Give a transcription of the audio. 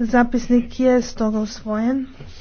Zapisnik je stoga usvojen.